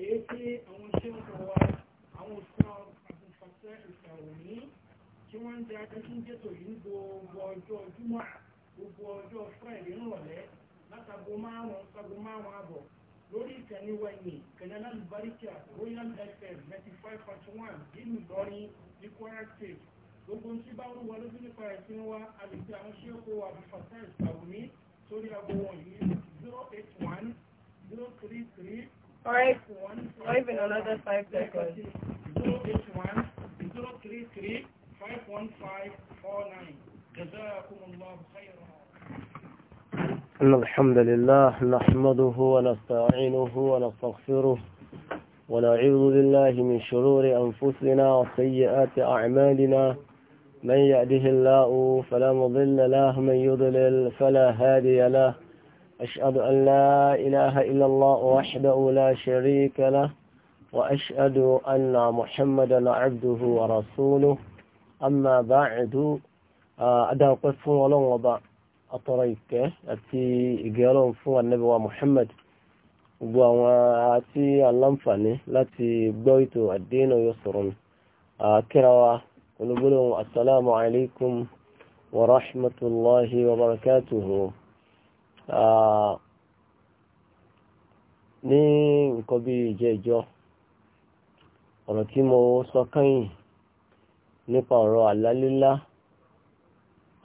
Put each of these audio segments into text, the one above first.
èyí tí àwọn ṣe ń sọ wa àwọn òṣìṣẹ́ àgùnfàṣẹ́ ìṣàwòní tí wọ́n ń jẹ akẹ́kọ̀ọ́ jẹ́tò yìí ní gbogbo ọjọ́ júmọ́ gbogbo ọjọ́ friday ńrọ̀lẹ́ látago márùn-ún sago márùn-ún àbọ̀ lórí ìkànnì wẹ̀yìn kẹ̀nẹ́lá lùbáríkà royal fm ninety five point one nínú ìlọrin ní kwara state gbogbo ń tí bá ń wọlé sí nípa ẹ̀sìn wa a lè fi àwọn ṣẹ́kù àbúfàṣẹ́ sórí ago wọ̀nyí zero eight one zero three three. and another جزاكم الله خيرا. إن الحمد لله نحمده ونستعينه ونستغفره ونعوذ بالله من شرور أنفسنا وسيئات أعمالنا من يأده الله فلا مضل له من يضلل فلا هادي له أشهد أن لا إله إلا الله وحده لا شريك له وأشهد أن محمدا عبده ورسوله أما بعد أدعو قف ولن وضع أطريك أتي إقالون فو النبي ومحمد وأتي اللنفني التي بويت الدين يسر كروا ونقول السلام عليكم ورحمة الله وبركاته ní nǹkan bí ìjẹ́ ọ̀rọ̀ tí mo sọ kẹ́yìn nípa ọ̀rọ̀ àlálélá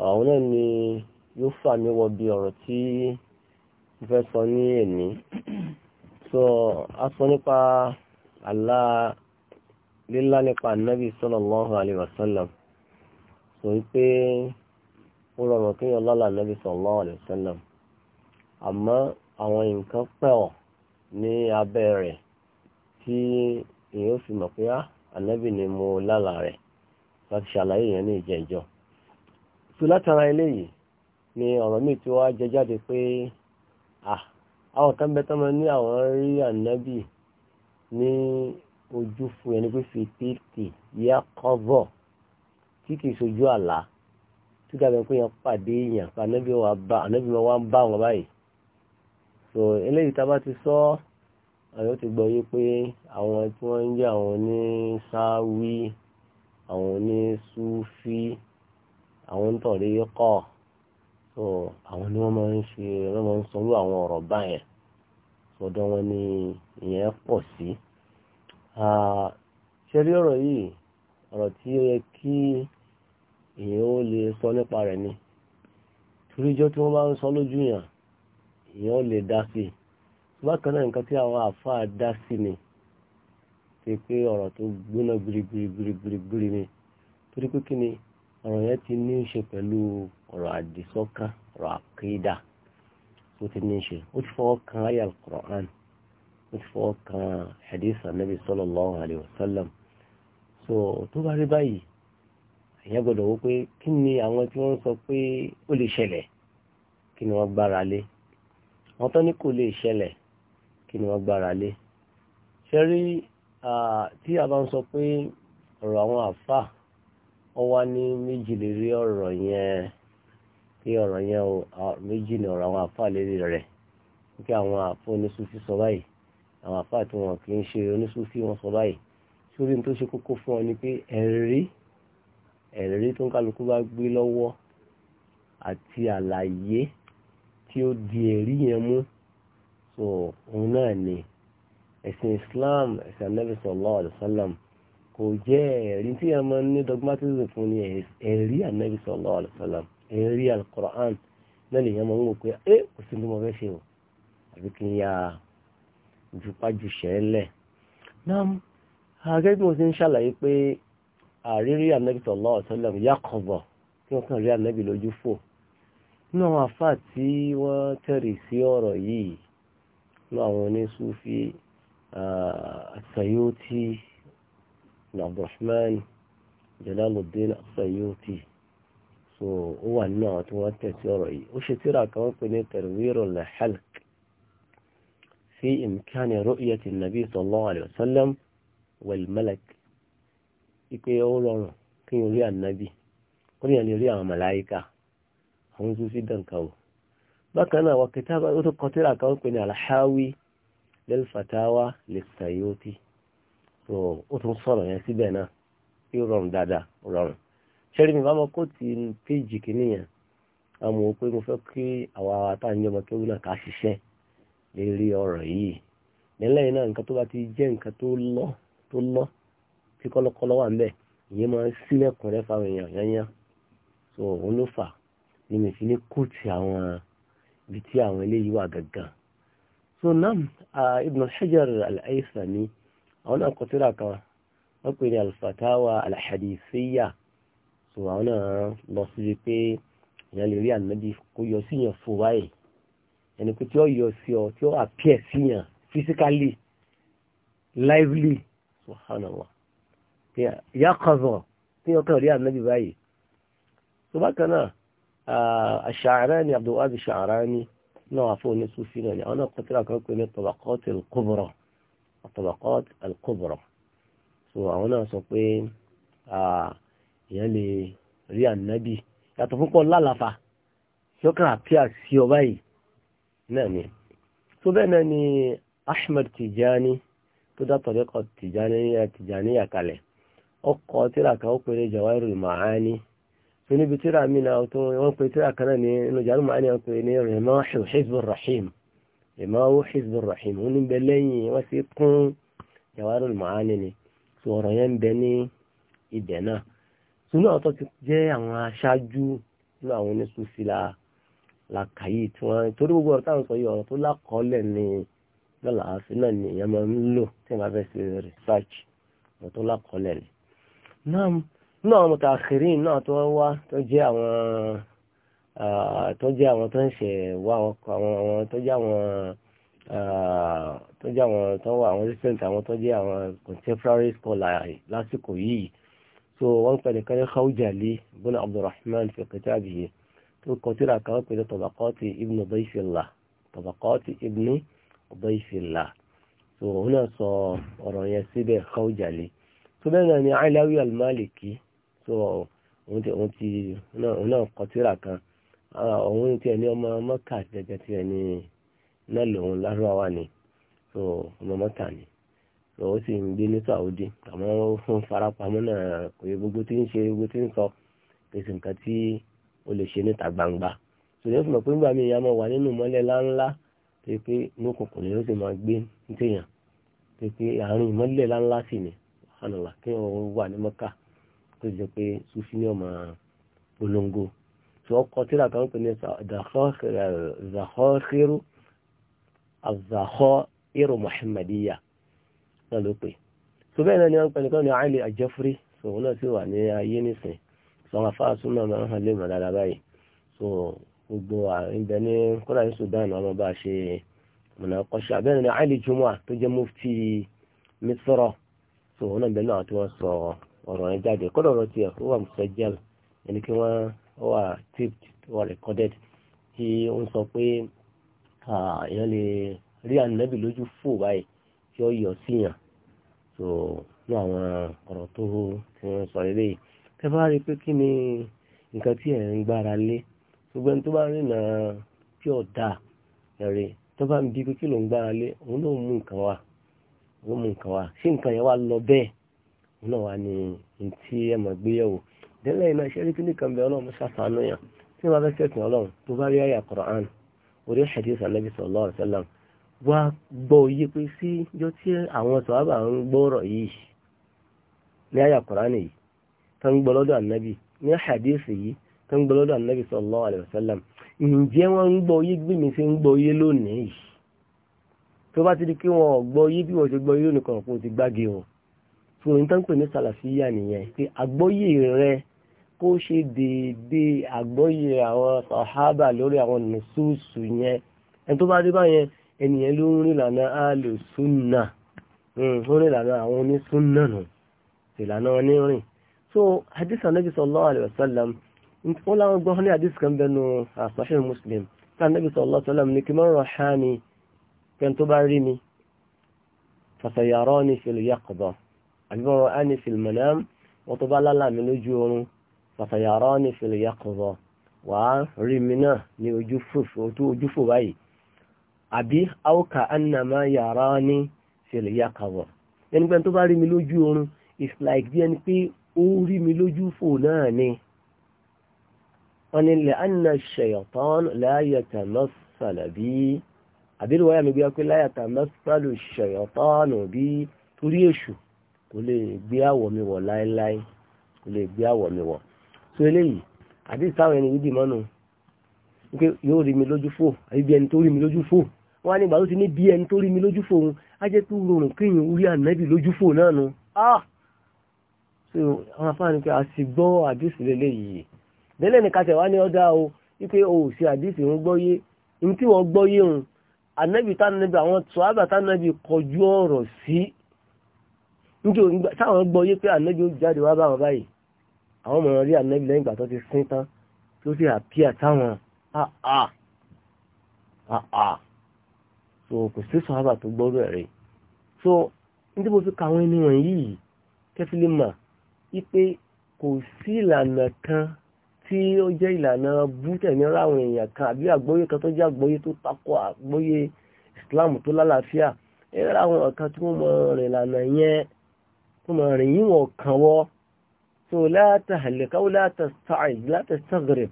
àwọn náà ni yóò fà mí wọ bí ọ̀rọ̀ tí mo fẹ́ sọ ní èní so a sọ nípa àlá lílá nípa ànábì sallallahu alaihi wasallam so wípé ó rọrùn kéèyàn lálàá ànábì sallallahu alaihi wasallam àmọ́ àwọn nǹkan pẹ̀wọ̀ ní abẹ́ rẹ̀ tí èèyàn fi mọ̀ pé ah, ànábì ni mo lálà rẹ̀ láti ṣàlàyé yẹn ní ìjẹ́jọ́ tó látara eléyìí ni ọ̀rọ̀ míì tí wọ́n á jẹ jáde pé ah, àwọn kan bẹ tọ́mọ ní àwọn rí ànábì ní ojú fún ẹni pé fi tètè yá kọ́bọ̀ tí kìí sojú àlá tí dàbẹ̀ pé yẹn pàdé èèyàn ànábì wa bá wọn báyìí so eléyìí tá a bá ti sọ àyọ ti gbọ́ yé pé àwọn tí wọ́n ń jẹ́ àwọn ní sáwí àwọn ní súfí àwọn ń tọ̀rí kọ́ so àwọn ni wọ́n máa ń ṣe wọ́n máa ń sọrú àwọn ọ̀rọ̀ báyẹn sọ́dọ̀ wọn ni ìyẹn pọ̀ sí. ṣe rí ọ̀rọ̀ yìí ọ̀rọ̀ tí ó yẹ kí èèyàn ó lè sọ nípa rẹ̀ ni torí ijọ́ tí wọ́n bá ń sọ lójú yàn èèyàn lè dá sí i bákan náà nǹkan tí àwọn àfáà dá sí ni ṣe pé ọ̀rọ̀ tó gbóná gbirigbirigbirigbiri ni torí pé kí ni ọ̀rọ̀ yẹn ti ní í ṣe pẹ̀lú ọ̀rọ̀ àdìsọ́kàn ọ̀rọ̀ àkídà tó ti ní í ṣe ó ti fọwọ́ kan ayé al ó ti fọwọ́ kan hadith anabi sallallahu alayhi wa sallam so tó bá rí báyìí èèyàn gbọ́dọ̀ wò pé kí ni àwọn tí wọ́n sọ pé ó lè ṣẹlẹ̀ kí ni wọ́n gbára lé àwọn tó ní kò lè ṣẹlẹ̀ kí ni wọ́n gbára lé ṣe rí tí a bá ń sọ pé ọ̀rọ̀ àwọn àfà ọ wá ní méjì lérí ọ̀rọ̀ yẹn pé ọ̀rọ̀ yẹn méjì ni ọ̀rọ̀ àwọn àfà lérí rẹ̀ kí àwọn àfà oníṣúfì sọ báyìí àwọn àfà tí wọn kì í ṣe oníṣúfì wọn sọ báyìí sórí tó ṣe kókó fún ọ ni pé ẹ̀rí ẹ̀rí tó ń kálukú bá gbé lọ́wọ́ àti àlàyé tí ó di ẹ̀rí yẹn mú so òun náà ni ẹ̀sìn Islam ẹ̀sìn Ànábì sallallahu alaihi wasallam kò jẹ́ ẹ̀rí tí a máa ń ní dogmatism fún ni ẹ̀rí Ànábì sallallahu alaihi wasallam ẹ̀rí al-Qur'an náà lè yẹn máa ń wò pé ẹ kò sí ní mo fẹ́ ṣe o àbí kí n ya jupájú ṣẹlẹ̀ náà gẹ́gẹ́ bí mo ti ń ṣàlàyé pé àrírí Ànábì sallallahu alaihi wasallam yá kọ̀bọ̀ kí wọ́n kàn rí Ànábì lójú fò nínú àwọn àfáà tí wọ́n tẹ̀rì sí ọ̀rọ̀ yìí ní àwọn oníṣúfí As-Sayuti Abdurrahman Jalaluddin As-Sayuti so ó wà nínú àwọn tí wọ́n tẹ̀sí ọ̀rọ̀ yìí ó ṣe tíra kan wọ́n pè ní Tanwirul Halq fi imkani ru'yati an-nabi sallallahu alayhi wa ipe ó rọrùn kí n rí ànábì ó rí àwọn màláíkà àwọn sufi dànkà o bákan náà wọ́n kẹta ó tó kọtíra kan pè ní alhawi lẹ́lfàtàwà lẹ́sàyọ́tì so ó tún sọ̀rọ̀ yẹn síbẹ̀ náà yóò rọrùn dáadáa rọrùn ṣẹ́rí mi bá mọ kó ti péjì kìíní yẹn àmọ́ pé mo fẹ́ kí àwa àtàǹjọ́ ọmọ kéwú náà ká ṣiṣẹ́ lérí ọ̀rọ̀ yìí nílẹ̀ náà nǹkan tó bá ti jẹ́ nǹkan tó lọ́ tó lọ́ tí kọ́lọ́kọ́lọ́ wà ń bẹ̀ ìyẹn máa ń sílẹ̀kùn rẹ́ fáwọn èèyàn yányá so òun ló fà ni mi fi ní kóòtù àwọn ibi tí àwọn eléyìí wà gangan so náà ibn hajar al-aisani àwọn náà kọtíra kan wọ́n pè ní al-fatawa al-hadithiyya so àwọn náà lọ síbi pé ìyẹn lè rí ànábi kó yọ síyàn fún wáyé ẹni pé tí ó yọ sí ọ tí ó appear síyàn physically lively subhanallah yaqaza tí ọkàn rí ànábi báyìí so bákan náà. Aṣ'arani Abdulwahab Aṣ'arani náà àfọ oníṣúfì náà ni àwọn náà kọtíra kan pè ní Tabaqat al-Kubra Tabaqat al-Kubra so àwọn náà sọ pé èèyàn lè rí ànábì yàtọ̀ púpọ̀ lálàfà lọ́kàn àpíà sí ọba yìí náà ni tó bẹ́ẹ̀ náà ni Ahmed Tijani tó dá tọ̀lẹ́kọ̀ Tijani Tijani yàkalẹ̀ ọkọ̀ tíra kan ó pè ní Jawahirul Ma'ani tó níbi tíra mi náà tó wọ́n pe tíra kan náà ní inú jàrú màá ní ọkùnrin ní rimahu hizbur rahim rimahu hizbur rahim ó ní bẹ lẹ́yìn wọ́n ti kún jawarul maani ni tó ọ̀rọ̀ yẹn ń bẹ ní ibẹ̀ náà tó ní ọ̀tọ̀ ti jẹ́ àwọn aṣáájú nínú àwọn oníṣùsí la la kàyí tí wọ́n torí gbogbo ọ̀rọ̀ táwọn sọ yìí ọ̀rọ̀ ni lọ́la àfi ni èèyàn máa ń lò tí wọ́n bá fẹ́ ṣe ni. náà náà mutaakhirin náà tó wá tó jẹ́ àwọn tó jẹ́ àwọn tó ń ṣe wá àwọn tó jẹ́ àwọn tó jẹ́ àwọn tó wà àwọn recent àwọn tó jẹ́ àwọn contemporary scholar lásìkò yìí so wọ́n pẹ̀lú kan ní Khawjali ibn Abdurrahman fi kitabihi tó kọ tírà kan pẹ̀lú tabaqati ibn Dayfillah tabaqati ibn Dayfillah so òun náà sọ ọ̀rọ̀ yẹn síbẹ̀ Khawjali tó bẹ́ẹ̀ náà ni Alawi al so òun ti òun ti òun náà kọ tírà kan òun tiẹ̀ ní ọmọ mọ́kà gẹ́gẹ́ tiẹ̀ ní náà lòun lárúbáwá ni so ọmọ mọ́kà ni so ó sì ń gbé ní Saudi àmọ́ ó fún farapamọ́ náà kò yẹ gbogbo tí ń ṣe gbogbo tí ń sọ kò sí nǹkan tí ó lè ṣe níta gbangba so yóò fi mọ̀ pé nígbà míì ìyá máa wà nínú mọ́lẹ̀ láńlá tó yẹ pé inú kòkòrò sì máa gbé ní téèyàn tó àárín ìmọ́lẹ̀ láńlá sì ni wàhánà wà kí wọ́n wà ní mọ́kà tó jẹ́ pé sufi ni ọmọ polongo tí wọ́n kọ tíra kan pè ní zakhọ́khiru azakhọ́iru muhammadiya náà ló pè tó bẹ́ẹ̀ náà ni wọ́n pè nìkan ní ali ajafri so wọn náà sì wà ní ayé nísìn so àwọn afáà súnmọ́ máa ń hàn lè mọ̀ dára báyìí so gbogbo àìbẹ̀ ní kọ́lá ní sudan ọmọ bá ṣe mọ̀nàkọ́ṣe àbẹ́ẹ̀ ní ali jumwa tó jẹ́ mufti misra so wọn náà bẹ́ẹ̀ náà tí wọ́n sọ ọ̀rọ̀ yẹn jáde kọ́dọ̀ ọ̀rọ̀ tiẹ̀ ó wà musajjal ẹni kí wọ́n wà tipped wà recorded kí ó ń sọ pé èèyàn lè rí ànábì lójú fò báyìí tí ó yọ síyàn so ní àwọn ọ̀rọ̀ tó tí wọ́n sọ lélẹ̀ yìí tẹ bá rí i pé kí ni nǹkan tí ẹ̀ ń gbára lé gbogbo ẹni tó bá rìn náà tí ò dáa ẹ̀rẹ̀ tó bá ń bi pé kí ló ń gbára lé òun ló ń mú nǹkan wá òun mú nǹkan wá ṣé nǹkan yẹn wá lọ bẹ́ẹ̀ náà wà ní ntí ẹ mọ̀ gbéyàwó délẹ̀ iná iṣẹ́ rí kíní kan bẹ ọlọ́run ṣàfàánú yàn tí wọ́n bá fẹ́ sẹ́kìn tó bá rí àyà Qur'an orí hadith anabi sallallahu alaihi wasallam wá gbọ́ yí pé sí yọ tí àwọn sọ̀rọ̀ ń gbọ́rọ̀ yìí ní àyà Qur'an yìí tó ń gbọ́ lọ́dọ̀ anabi ní hadith yìí tó ń gbọ́ lọ́dọ̀ anabi sallallahu alaihi wasallam ǹjẹ́ wọ́n ń gbọ́ yí bí mi ṣe ń gbọ́ yí lónìí tó bá ti di kí wọ́n gbọ́ yí bí wọ́n ṣe gbọ́ yí lónìí so n tán pè ní sàlàfíà nìyẹn pé àgbọ́yé rẹ kó ṣe déédéé àgbọ́yé àwọn sàhábà lórí àwọn nùsùsù yẹn ẹni tó bá dé báyẹn ẹnìyẹn ló ń rìn lànà àlò súnà hmm, ń rìn àwọn onísúnà nù ìlànà onírìn so hadith anabi sallallahu alayhi wa sallam wọ́n láwọn gbọ́n ní hadith kan bẹnu àṣàṣẹ́ muslim tí anabi sallallahu alayhi wa sallam ní kí mọ́rọ̀ ṣáà ni kẹ́ni tó bá rí mi fasayarani fil yaqdah àbíbọ̀rọ̀ á ní fìlìmọ̀nàm wọ́n tó bá lálàmì lójú oorun fàtàyàrá ní fìlì yakọ̀rọ̀ wà á rí mi náà ní ojú fò báyìí àbí áwùkà ánàmá yàrá ní fìlì yakọ̀rọ̀ tó bá rí mi lójú oorun is like bí ẹni pé ó rí mi lójú fò náà ni wọ́n ní lẹ́ ànà ṣẹ̀yọ̀tán láyẹ̀tà lọ́sàlàbí àbí ìwọ̀yà mi gbé ọpẹ́ láyẹ̀tà lọ́sàlù ṣẹ̀yọ̀tán òbí torí èṣù kò lè gbé àwọ̀ mi wọ̀ láéláé kò lè gbé àwọ̀ mi wọ̀ tó eléyìí àdéhùn táwọn ẹni yìí dì mọ́nu wípé yóò rí mi lójú fò àbí bí ẹni tó rí mi lójú fò wọn á ní ìgbà tó ti ní bí ẹni tó rí mi lójú fò òun á jẹ́ pé rọrùn kéèyàn orí ànábì lójú fò náà nu ah! so àwọn afáàní pé a sì gbọ́ àdéhùn lélẹ́yìí délé ní kàtẹ́ wá ní ọ̀dà o wípé o ò sí àdéhùn òun gbọ́ yé ní tí wọ́n gbọ́ yé òun ànábì tánàbì àwọn tùwábà tánàbì kọjú ọ̀rọ̀ sí níjó táwọn gbọ́ yé pé ànábì ó jáde wá báwọn báyìí àwọn ọmọ rí ànábì lẹ́yìn ìgbà tó ti sín tán tó sì àpíà táwọn àà àà so kò sí sọ́hábà tó gbọ́rọ̀ rẹ̀ so nítorí mo fi ka àwọn ẹni wọ̀nyí kẹfìlì mà wípé kò sí ìlànà kan tí ó jẹ́ ìlànà bútẹ̀mí ráwọn èèyàn kan àbí àgbóyé kan tó jẹ́ àgbóyé tó takọ àgbóyé Islam tó lálàáfíà ẹ̀rọ àwọn ọ̀kan tí wọ́n mọ ìlànà yẹn wọ́n máa rìn yí wọn kàn wọ́ so látàlẹ́ká ó látàstàìz látàstàgrif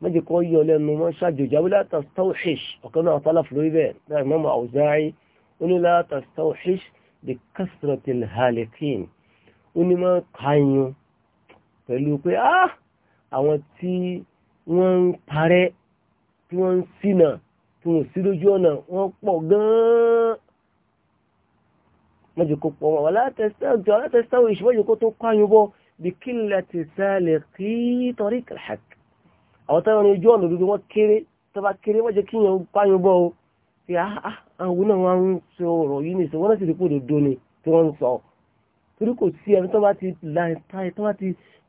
méjì kọ́ yọ lẹ́nu mọ́ ṣàjòjá ó látàstàwhish ọ̀kan náà tálàfù lórí bẹ́ẹ̀ náà Imam Awza'i ó ní látàstàwhish bi kasratil halikin ó ní máa kàyún pẹ̀lú pé ah àwọn tí wọ́n ń parẹ́ tí wọ́n ń ṣìnà tí wọ́n sí lójú ọ̀nà wọ́n pọ̀ gan-an mọ́jọ kó pọ̀ wọ́n látẹ̀sẹ́wò ìṣúwọ́jọ kó tó kọ́yún bọ́ bí kí láti sálẹ̀ kí tọ́rí kàlhàk àwọn táwọn ní ojú ọ̀nà dúdú wọ́n kéré tó bá kéré wọ́n jẹ́ kí yẹn kọ́yún bọ́ o fi àwọn náà wọ́n ń sọ ọ̀rọ̀ yìí nìṣẹ́ wọ́n sì rí kó dodo ni tí wọ́n ń sọ torí kò sí ẹni tó bá ti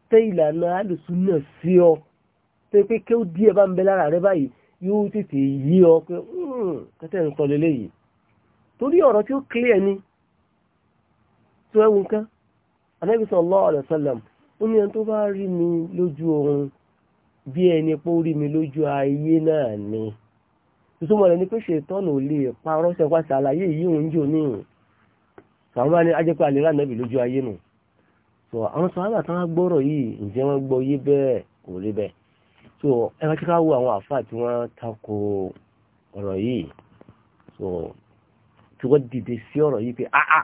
tẹ́ ìlànà alùsùn náà sí ọ tó pé kí ó díẹ̀ bá ń bẹ lára rẹ báyìí yóò hmm, torí ọ̀rọ̀ tí ó clear ni tó ẹwù nǹkan anábì sallallahu alaihi wasallam ó ní ẹni tó bá rí mi lójú oorun bí ẹni pé ó rí mi lójú ayé náà ni ìtumọ̀ rẹ̀ ni pé ṣètọ́nù ò lè parọ́ ṣẹ̀pá ṣàlàyé yìí òun jò ní ìhùn sàwọn bá ní ajẹ́pẹ́ àlè ránàbì lójú ayé nù so àwọn sàhábà tán á gbọ́rọ̀ yìí ǹjẹ́ wọ́n gbọ́ yé bẹ́ẹ̀ kò rí bẹ́ẹ̀ so ẹ bá ti ká wo àwọn àfáà tí wọ́n tako ọ̀rọ̀ yìí so tí wọ́n dìde sí ọ̀rọ̀ yìí pé áá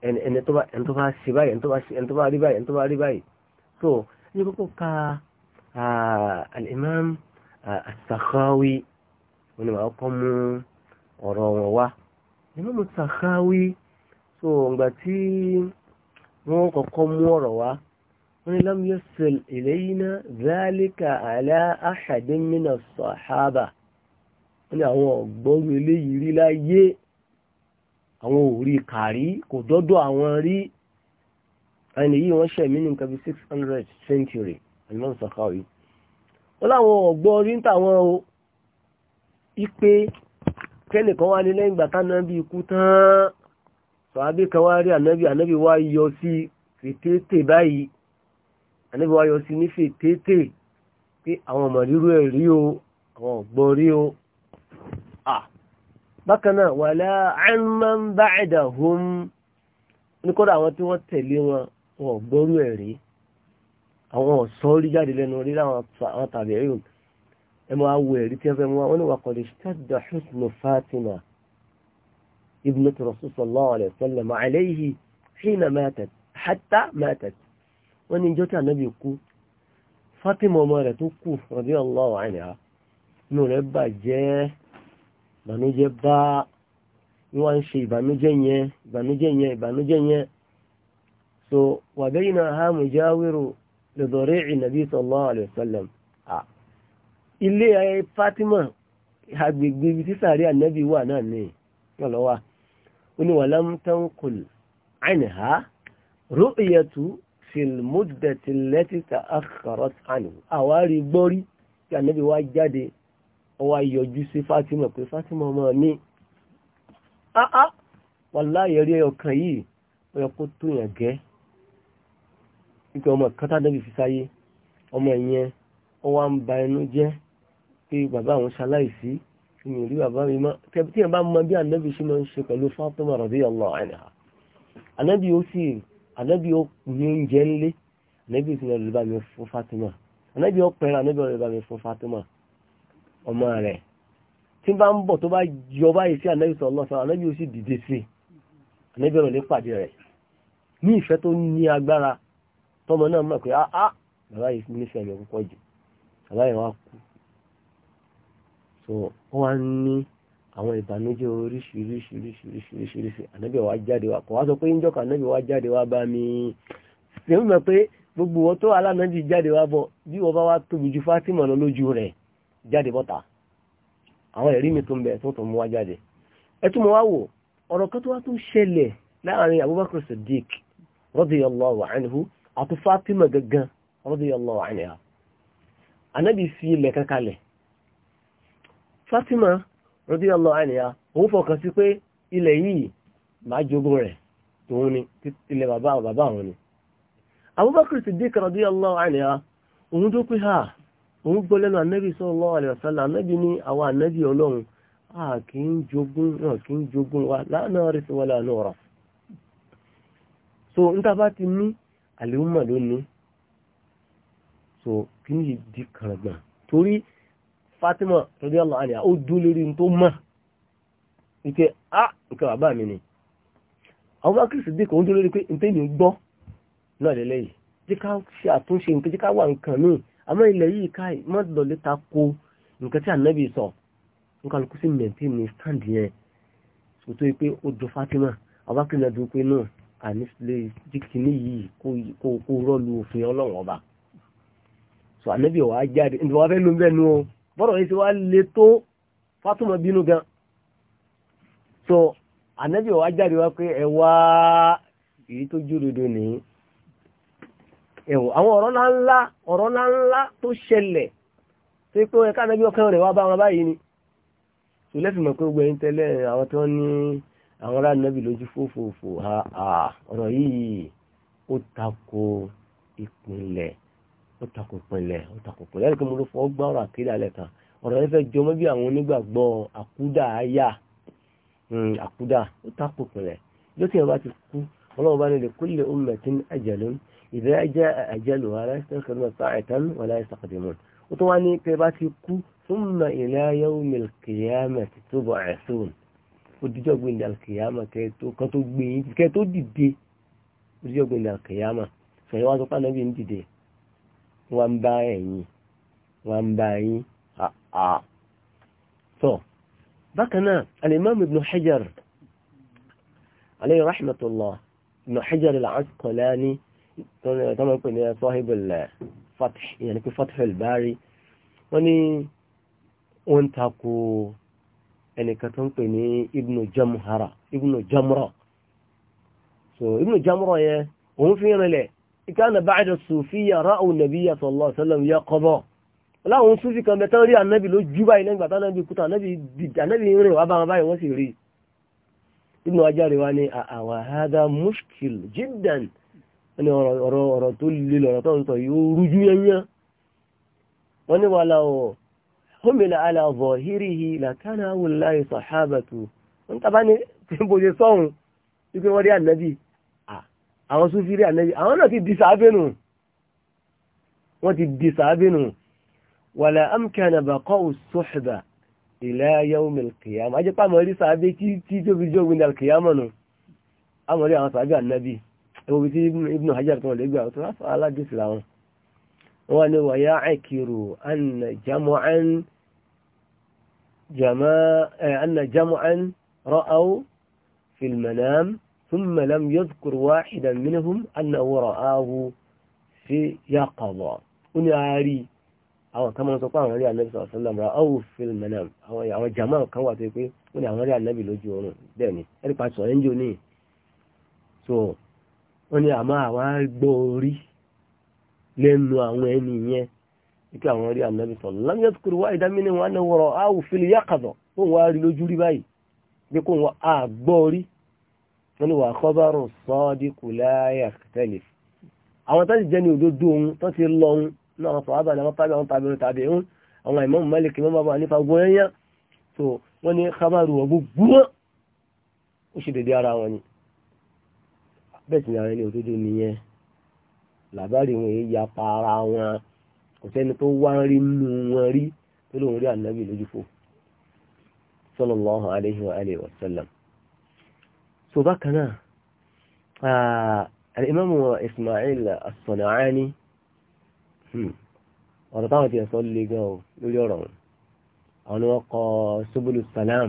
ẹni tó bá ṣe báyìí ẹni tó bá rí báyìí ẹni tó bá rí báyìí so ní kókó ka al-imam as-sakhawi wọn ni màá kọ́ mú ọ̀rọ̀ wọn wá imam as-sakhawi so ǹgbà tí wọ́n kọ́kọ́ mú ọ̀rọ̀ wá wọ́n ni lam yasil ilayna dhalika ala ahadin min as-sahaba wọ́n ni àwọn ọ̀gbọ́n eléyìí rí láyé àwọn ò rí kàrí kò dọ́dọ̀ àwọn rí ẹni yìí wọ́n ṣẹ̀mí ní nǹkan bí hundred century alimam Sakhawi wọ́n láwọn ọ̀gbọ́n orí ń tàwọn o ipe kẹ́nìkan wá ní lẹ́yìn ìgbà tánábì ikú tán sọ̀hábí kan wá rí ànábì ànábì wá yọ sí fètètè báyìí ànábì wá yọ sí ní fètètè pé àwọn ọmọ rírú ẹ̀ rí o àwọn ọ̀gbọ́n rí o bákan náà wala amman ba'dahum ní kọ́dà àwọn tí wọ́n tẹ̀lé wọn wọn gbọ́rú ẹ̀ rí àwọn ọ̀sọ́ rí jáde lẹ́nu rí láwọn tàbí ẹ̀rí ẹ máa wo ẹ̀rí tí wọ́n fẹ́ mú wọn wà kọ́dé ṣáàdà husnu Fatima ibnat Rasul sallallahu alaihi wasallam alayhi hina matat hatta matat wọ́n ní ìjọ tí ànábì kú Fatima ọmọ rẹ̀ tó kù radiyallahu anha nù rẹ̀ bàjẹ́ ìbànújẹ́ bá ní wọ́n ń ṣe ìbànújẹ́ yẹn ìbànújẹ́ yẹn ìbànújẹ́ yẹn so wà bẹ́yìn náà ha mú já wérò lọ́dọ̀rẹ́ ìnàbí sallallahu alaihi wasallam ilé ayé Fatima agbègbè ibi sísàrí ànábì wà náà ní ọlọ́wà ó ní wàlám tankul anha ru'yatu fil muddati allati ta'akhkharat anhu àwárí gbọ́rí tí ànábì wá jáde ó wá yọjú sí Fátímà pé Fátímà ọmọ mi áá wàláhì rí ọkàn yìí ó yẹ kó tó yàn gẹ́ nípa ọmọ kan tádẹ́bì fi sáyé ọmọ ìyẹn ó wá ń ba ẹnu jẹ́ pé bàbá àwọn ṣaláìsí ìmì rí bàbá mi mọ́ tí ẹ̀ bá mọ bí ànábì ṣe máa ń ṣe pẹ̀lú Fátímà radiyallahu anha ànábì ó sì ànábì ó ní ọmọ rẹ̀ tí bá ń bọ̀ tó bá yọ báyìí sí ànábì sallallahu alaihi wasallam ànábì ó sì dìde sí ànábì ọ̀rọ̀ lè pàdé rẹ̀ ní ìfẹ́ tó ní agbára tọmọ náà mọ̀ pé áá ah, ah, bàbá yìí nífẹ̀ẹ́ mi púpọ̀ jù bàbá yìí wá kú so wọ́n wá ní àwọn ìbànújẹ́ oríṣiríṣiríṣiríṣiríṣiríṣi ànábì wa jáde wa kò wá sọ pé ńjọ́ kan ànábì wa jáde wa bá mi ṣe ń mọ̀ pé gbogbo wọn tó alánàbì jáde wa bọ̀ bí wọ́n bá wá tóbi ju Fátímà lọ lójú rẹ̀ jáde bota àwọn ẹ̀rí mi tó ń bẹ̀ tó tó mú wá jáde ẹ tún mọ wá wò ọ̀rọ̀ kan tó wá Abubakar Siddiq radiyallahu anhu àti Fatima gangan radiyallahu anha anábì fi ilẹ̀ kankalẹ̀ Fatima radiyallahu anha òun fọkàn sí pé ilẹ̀ yìí máa jogún rẹ̀ tòun ni ilẹ̀ bàbá àwọn bàbá Abubakar ni Abubakar Siddiq radiyallahu anha òun tó pé ha òun gbọ́ lẹ́nu ànábì sallallahu alaihi wasallam àwọn a kì í jogún náà kì í jogún wa la naris wala so n ta ti ní àlèhùnmọ̀ lónìí so kí ní di kàràgbà torí Fatima radiyallahu anha ó dúró lórí tó ma. Ike a nke bàbá mi ni àwọn bá kìrìsì dìkọ̀ ó dúró lórí pé n gbọ́ náà lélẹ́yìí ṣe àtúnṣe wà àmọ́ ilẹ̀ yìí ká mọ́dọ̀lẹ́ ta ko nǹkan tí ànábì sọ nǹkan kó sí mẹ̀ntín ní stand yẹn kò tó pé ó Fatima pé náà yìí kó rọ́ọ̀lù òfin ọlọ́run ọba so ànábì wàá jáde nígbà wàá fẹ́ ló ń bẹ́ẹ̀ nu o bọ́dọ̀ yìí ti wá le tó Fatima bínú gan so ànábì wàá jáde wá ẹ wá èyí tó ẹ̀wọ̀n àwọn ọ̀rọ̀ ńláńlá ọ̀rọ̀ ńláńlá tó ṣẹlẹ̀ tó pé ẹ̀ka anábí ọkàn rẹ̀ wá bá wọn báyìí ni tó lẹ́fì mọ̀ pé gbogbo ẹ̀yìn tẹ́lẹ̀ àwọn tó ní àwọn ará anábì lójú fòfòfò ọ̀rọ̀ yìí ó tako ìpínlẹ̀ ó tako ìpínlẹ̀ ó tako ìpínlẹ̀ ẹ̀rọ kí mo ló fọ́ gbá ọ̀rọ̀ àkéde alẹ́ kan ọ̀rọ̀ yẹn fẹ́ jọmọ́ bí àwọn onígbàgbọ́ àkúdà ayá hmm, àkúdà ó tako ìpínlẹ̀ إذا جاء أجلها لا يستأخرون ساعة ولا يستقدمون وطبعا بيباتي كو ثم إلى يوم القيامة تبعثون وديجو عند القيامة كيتو كتو بين كتو ديدي وديجو عند القيامة فهو هذا كان بين ديدي وان باين وان باين ها ها so بكنا الإمام ابن حجر عليه رحمة الله ابن حجر العسقلاني tọ́mọ̀ pè ní sọ́hìbìlẹ̀ ìyẹn ni pé fathul bari wọ́n ní wọ́n takò ẹnìkan tó ń pè ní ibnu jamhara ibnu jamra so ibnu jamra yẹn òun fi rinlẹ̀ ìkànnà ba'da sufiya ra'u nabiyya sallallahu alaihi wasallam yaqaba láwọn sufi kan bẹ̀tán rí ànábì ló jú báyìí lẹ́gbàtà ànábì kúta ànábì rìn wá báwọn báyìí wọ́n sì rí ibnu ajáre wa ní àwàhádá mushkil jiddan wọ́n ní ọ̀rọ̀ ọ̀rọ̀ tó lè lọ̀rọ̀ tó ń sọ yìí ó rújú yẹnyẹn wọ́n ní wàhálà ọ̀ homila ala zahirihi làkàna wùláyé sàhábàtù wọ́n tàbá ní tìǹbù ṣe sọ́hun wípé wọ́n rí ànábì àwọn sún fi rí ànábì àwọn náà ti di sàábẹ́nu wọ́n ti di sàábẹ́nu wàlà amkana baqa'u suhba ila tí tó fi jọ́ gbìndà kìyàmọ́ nù àmọ́ àwọn sàábẹ́ ànábì ẹwọ́ bí tí ibùn hajjar kan lè gbà tó ráfà aládìsì láwọn wọ́n ni wà yá àkìrò anna jama'an ra'au filmanam ثم لم يذكر واحدا منهم أنه رآه في يقظة ونعاري àwọn kan mọ́ sọ pé àwọn rí ànábì sọ̀rọ̀ sọ́lá mọ́ra ọ́wù fílmẹ̀nà àwọn jama kan wà tó pé ó ní àwọn rí ànábì lójú oorun bẹ́ẹ̀ ni ẹ̀rí pa sọ̀rọ̀ ń jò ní so wọ́n ní àmọ́ àwọn gbọ́ orí lẹ́nu àwọn ẹni yẹn ikú àwọn rí ànábì sọ̀rọ̀ lámìyàn tó kúrò wá ìdámínì wọn náà wọ̀rọ̀ áwù fìlì yàkàdọ̀ tó ń wá rí lójú rí báyìí bí kò wọ́n á gbọ́ orí wọ́n ní wà kọ́bárò sọ́ọ́dí kù láyà tẹ́lẹ̀ àwọn tó ti jẹ́ ní òdodo òun tó ti lọ òun náà wọ́n sọ̀rọ̀ àbàlẹ̀ wọ́n tàbí àwọn tàbí tàbí òun àwọn ìmọ̀ mọ́lẹ̀ kì mọ́ bá nípa gbọ́n yẹn so wọ́n ní kábàrò ọ̀gbọ́n ó ṣe dédé ara wọn ni bẹ́ẹ̀ sì ni àwọn ẹni òdodo nìyẹn làbárí wọn èyí ya pa ara wọn kò sẹ́ni tó wá ń rí nínú wọn rí tó lóun rí ànábì lójú fò sallallahu alayhi wa alihi wa sallam. so bákan náà al-imam Ismail as-San'ani hmm, ọ̀rọ̀ táwọn ti sọ lé gan o lórí ọ̀rọ̀ wọn àwọn ni wọ́n kọ subulu salam.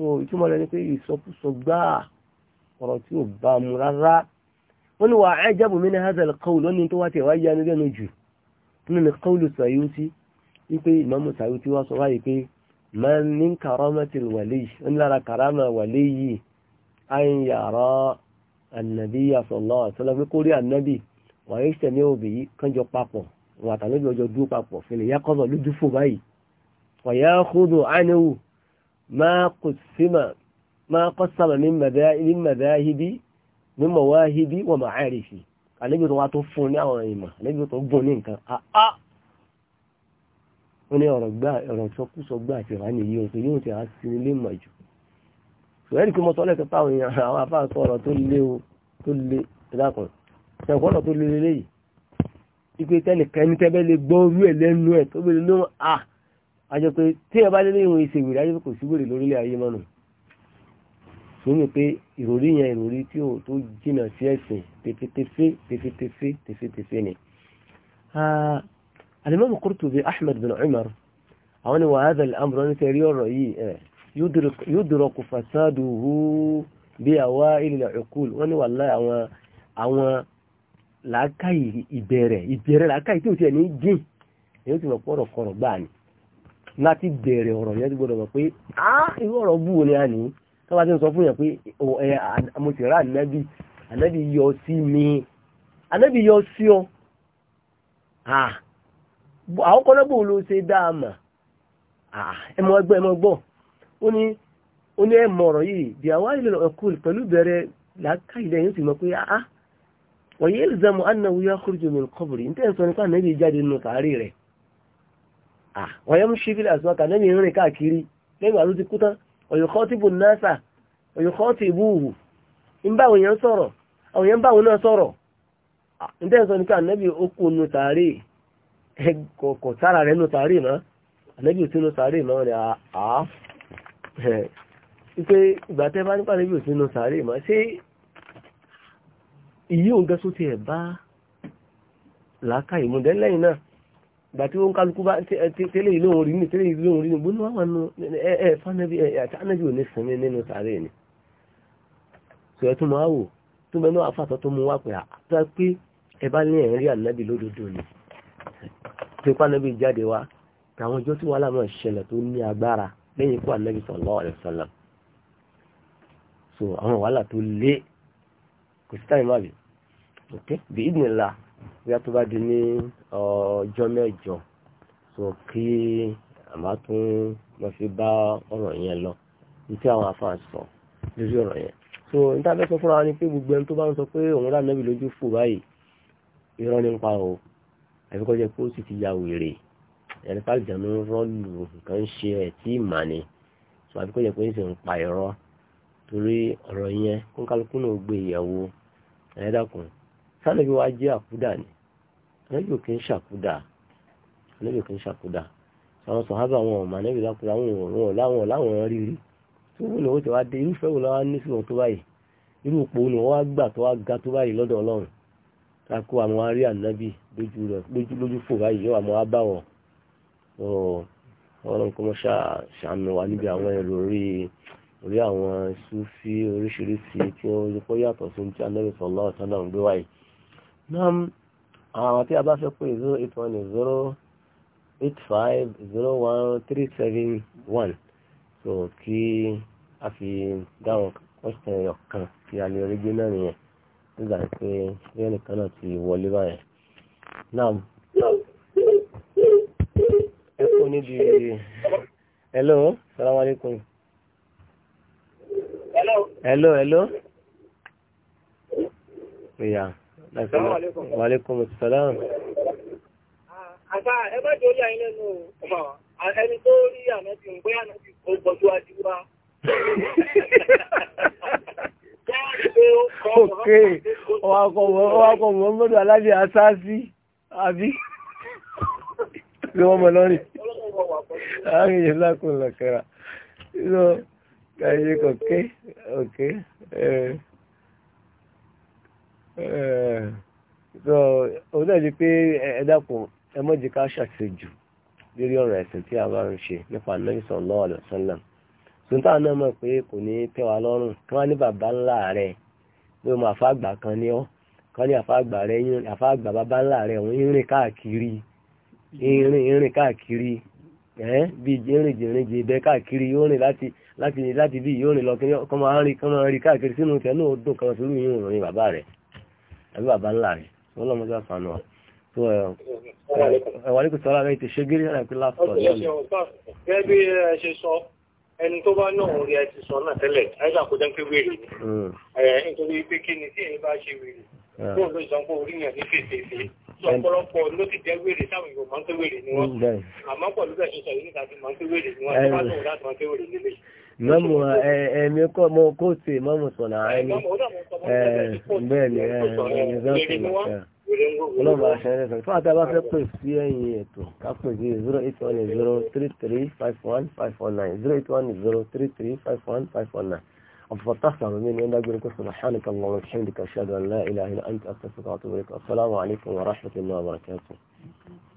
so ìtumọ̀ rẹ̀ ni pé ìsọkúsọ gbáà ọ̀rọ̀ tí ò bá mu rárá wọ́n ní wà ajabu min hadha al-qawl lónìí tó wá tẹ̀ wá yá nílẹ̀ jù nínú ni qawlu Sayuti wípé Imamu Sayuti wá sọ wáyé pé man min karamatil wali ń lára karama wali yìí an yara an ما قسم ما قسم من مذاهب من مذاهب من مواهب ومعارف النبي تو تو fún ní àwọn ìmọ̀ النبي tó gbọ́n ní nǹkan ah ah oni ọ̀rọ̀ gba ọ̀rọ̀ sọ kú sọ gba ti rani yi o so yóò ti asini le maju so eri ki mo to le ke pawo yan àwọn afa sọ ọ̀rọ̀ tó le o tó le dakun se ko ọ̀rọ̀ tó le le yi ipe tẹnìkan ni tebe le gbọ́ ru e lẹ́nu e to be le no ah àjọ pé tí ẹ bá lé ní ìwọ̀n ìṣèwèrè àjọ pé kò sí wèrè lórílẹ̀ ayé mọ́nà sómi pé ìròrí yẹn ìròrí tí ò tó jìnà sí ẹ̀sìn tẹfẹtẹfẹ tẹfẹtẹfẹ tẹfẹtẹfẹ ni. alimami Qurtubi Ahmad bin Umar àwọn ni wàá dàlẹ́ amúrò ní sẹ́rí ọ̀rọ̀ yìí ẹ̀ yóò dúró kò fasádù hù bí àwa ilẹ̀ ọ̀kúl wọ́n ní wàláhì àwọn àwọn làákàyè ìbẹ̀rẹ̀ ìbẹ̀rẹ̀ làákàyè tí ò tiẹ̀ ní jìn èyí ó ti mọ̀ pọ̀rọ̀kọ̀rọ̀ gbáà ni láti bẹ̀rẹ̀ ọ̀rọ̀ yẹn ti gbọ́dọ̀ mọ̀ pé ah, irú ọ̀rọ̀ bú wo ni a ní tó bá ti ń sọ fún yẹn pé mo sì rà ànábì ànábì yọ sí mi ànábì yọ sí ọ àwọn kan lọ́gbọ̀n ló ṣe dáàmà ẹmọ ẹgbọ́ ẹmọ gbọ́ ó ní ó ní ẹmọ ọ̀rọ̀ yìí bí àwọn ilẹ̀ ọkùn pẹ̀lú bẹ̀rẹ̀ làákà ilẹ̀ yóò sì mọ̀ pé ah, ah wọ̀nyí ìlzàmù annahu yakhruju min qabri ní tẹ́ǹsọ́ nípa ànábì jáde wọ́n yẹ́ mú ṣíbílì àsùnwákà lẹ́mí ìrìn káàkiri lẹ́gbàá ló ti kú tán ọ̀yọ̀kọ́ ti bù násà ọ̀yọ̀kọ́ ti bù wù ń bá òyìn sọ̀rọ̀ àwọn èèyàn báwọn náà sọ̀rọ̀ ǹdẹ́ sọ ní ká ànábì okú nu tààrí ẹ̀kọ̀ọ̀kọ̀ sára rẹ̀ nu tààrí mọ́ ànábì òsínú tààrí mọ́ rẹ̀ ah, ah. àá wípé ìgbà tẹ́ bá nípa ànábì òsínú tààrí mọ́ ṣé ìyí òǹgẹ́só ti ẹ̀ bá làákà ìmúdẹ́lẹ́yìn náà ìgbà tí wọ́n kálukú bá tẹ́lẹ̀ ìlú òun rí ní tẹ́lẹ̀ ìlú òun rí ní bó ní wọ́n wà nù ẹ ẹ fánẹ́bí ẹ àti ánẹ́bí ò ní sinmi nínú sàárè ni. sọ ẹ tún mọ àwò tó bẹ náà afáàtọ̀ tó mú wá pé àtúntà pé ẹ bá ní ẹ̀rín rí lódodo ni. tó fánẹ́bí jáde wá káwọn ọjọ́ tí wàhálà náà ṣẹlẹ̀ tó ní agbára lẹ́yìn ikú ànábì sallallahu alaihi wasallam. so àwọn wàhálà tó lé kò sí táyì má bì bí a tó bá di ní ọjọ́ mẹ́jọ so kí àmá tún lọ fi bá ọ̀rọ̀ yẹn lọ títí àwọn afáà sọ lórí ọ̀rọ̀ yẹn so níta fẹ́ sọ fúnra wa ni pé gbogbo ẹni tó bá ń sọ pé òun rà nẹ́bì lójú fò báyìí irọ́ nípa o àfikọ́ jẹ́ pé ó sì ti ya wèrè ẹni pàlì jẹ́ ló rọ́ọ̀lù nǹkan ń ṣe ẹ̀ tí ì mà ni so àfikọ́ jẹ́ pé ń sì ń pa irọ́ torí ọ̀rọ̀ yẹn kó kálukú náà gbé ìyàwó ẹ̀ẹ́dàkùn sánàbí wa jẹ́ àkúdà ni anábì òkè ń ṣàkúdà anábì òkè ń ṣàkúdà àwọn sọ̀hábà wọn ọ̀mà anábì lákúdà wọn ọ̀rọ̀ láwọn láwọn rírí tó wọ́n lọ́wọ́ tó wá dé irúfẹ́ wọn lọ́wọ́ ní sí wọn tó báyìí irú òpó ni wọ́n wá gbà tó wá ga tó báyìí lọ́dọ̀ ọlọ́run takú àwọn arí ànábì lójú fò báyìí yóò àmọ́ bá wọ̀ ọlọ́run kọ́ mọ́ ṣàmì wa níbi àwọn èrò orí orí àwọn sufi oríṣiríṣi tí wọ́n yàtọ̀ sí ní tí anábì sallallahu alaihi wasallam ń gbé wáyìí náà àwọn tí a bá fẹ́ pé zero eight one zero eight five zero one three seven one so kí a fi dáhùn question ẹyọ kan kí a lè rí gbé náà nìyẹn nígbà pé bí ẹnìkan náà ti wọlé báyẹn náà ẹ kò ní hello salaam aleykum. hello hello hello. Yeah. Assalamu alaikum. Wa alaikum assalam. Ah, Àgbà ẹgbẹ́ tó rí àyín lẹ́nu ẹni tó rí ànábì ń gbé ànábì ó gbọ́jú ajúwá. Ok, ọwakọ̀ Muhammadu Alábi Asasi, àbí? Ṣé wọ́n mọ̀ lọ́rìn? Àárín yìí lákùnlọ̀kẹ́ra. Ṣé kàyé kọ̀kẹ́? Ok. Uh. Eh, òun náà ni pé ẹ dákun ẹ mọ́ jẹ́ ká ṣàṣejù lórí ọ̀rọ̀ ẹ̀sìn tí a bá ń ṣe nípa Ànábì sallallahu alaihi wasallam náà mọ̀ pé kò ní tẹ́ wa lọ́rùn kí wọ́n ní bàbá ńlá rẹ̀ pé mo kan ní ọ́ kan ní àfa rẹ̀ yín àfa bàbá ńlá rẹ̀ òun ìrìn káàkiri ìrìn ìrìn káàkiri bí ìrìn jì bẹ́ káàkiri yóò rìn láti láti láti bí yóò àbí bàbá ńlá rẹ̀ wọ́n lọ́mọ sí àfààní wa. tó ẹ ẹ wà ní kùtù ọlá rẹ ti ṣe gírí náà pé láàpọ̀ lọ́nà. gẹ́gẹ́ bí ẹ ṣe sọ ẹni tó bá náà rí ẹ ti sọ náà tẹ́lẹ̀ àyíká kó jẹ́ pé wèrè ni hmm. nítorí pé kí ni tí èyí bá ṣe wèrè hmm mọ́mù ẹ̀mí kó tè mọ́mù sọ̀nà ẹni bẹ́ẹ̀ni ẹ̀ẹ́dẹ́gbẹ̀rún ọlọ́mọ aṣẹ́rẹ́ sọ̀rọ̀ fún àtàbà fẹ́ pè sí ẹ̀yìn ètò kápò sí zero eight one zero three three five one five four nine zero eight one zero three three five one five four nine أفضلت من أن أقول سبحانك اللهم وبحمدك أشهد أن لا إله إلا أنت أستغفرك وأتوب إليك السلام عليكم ورحمة الله